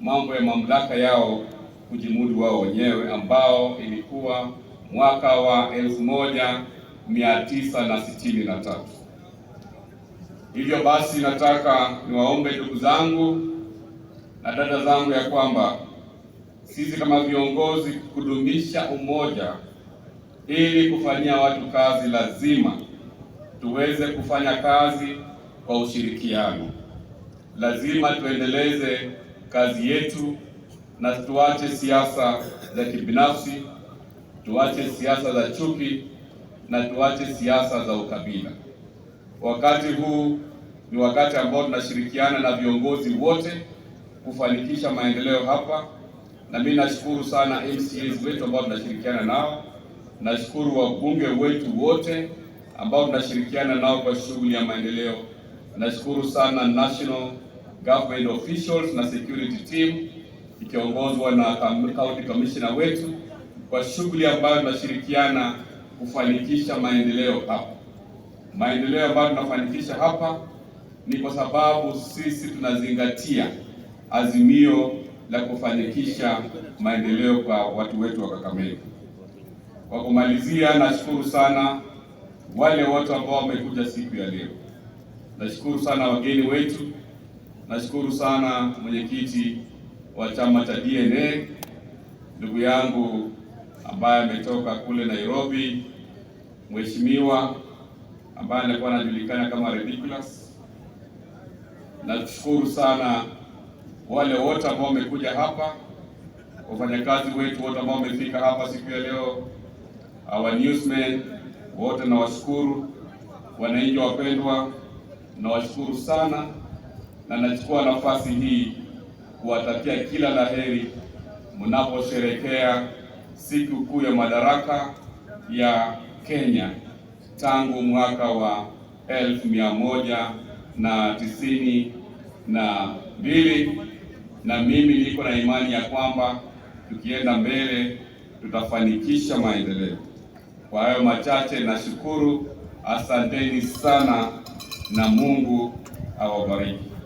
mambo ya mamlaka yao kujimudu wao wenyewe, ambao ilikuwa mwaka wa 1963. Hivyo basi, nataka niwaombe ndugu zangu na dada zangu ya kwamba sisi kama viongozi kudumisha umoja ili kufanyia watu kazi, lazima tuweze kufanya kazi kwa ushirikiano lazima tuendeleze kazi yetu na tuache siasa za kibinafsi, tuache siasa za chuki na tuache siasa za ukabila. Wakati huu ni wakati ambao tunashirikiana na viongozi wote kufanikisha maendeleo hapa, na mimi nashukuru sana MCAs wetu ambao tunashirikiana nao. Nashukuru wabunge wetu wote ambao tunashirikiana nao kwa shughuli ya maendeleo. Nashukuru sana national government officials na security team ikiongozwa na county commissioner wetu kwa shughuli ambayo tunashirikiana kufanikisha maendeleo hapa. Maendeleo ambayo tunafanikisha hapa ni kwa sababu sisi tunazingatia azimio la kufanikisha maendeleo kwa watu wetu wa Kakamega. Kwa kumalizia, nashukuru sana wale watu ambao wamekuja siku ya leo. Nashukuru sana wageni wetu, nashukuru sana mwenyekiti wa chama cha DNA ndugu yangu ambaye ametoka kule Nairobi, mheshimiwa ambaye alikuwa anajulikana kama Ridiculous. Nashukuru sana wale wote ambao wamekuja hapa, wafanyakazi wetu wote ambao wamefika hapa siku ya leo, our newsmen wote nawashukuru, wananchi wapendwa Nawashukuru sana na nachukua nafasi hii kuwatakia kila laheri mnaposherekea siku kuu ya madaraka ya Kenya tangu mwaka wa elfu mia moja na tisini na mbili na mimi niko na imani ya kwamba tukienda mbele tutafanikisha maendeleo. Kwa hayo machache, nashukuru, asanteni sana na Mungu awabariki.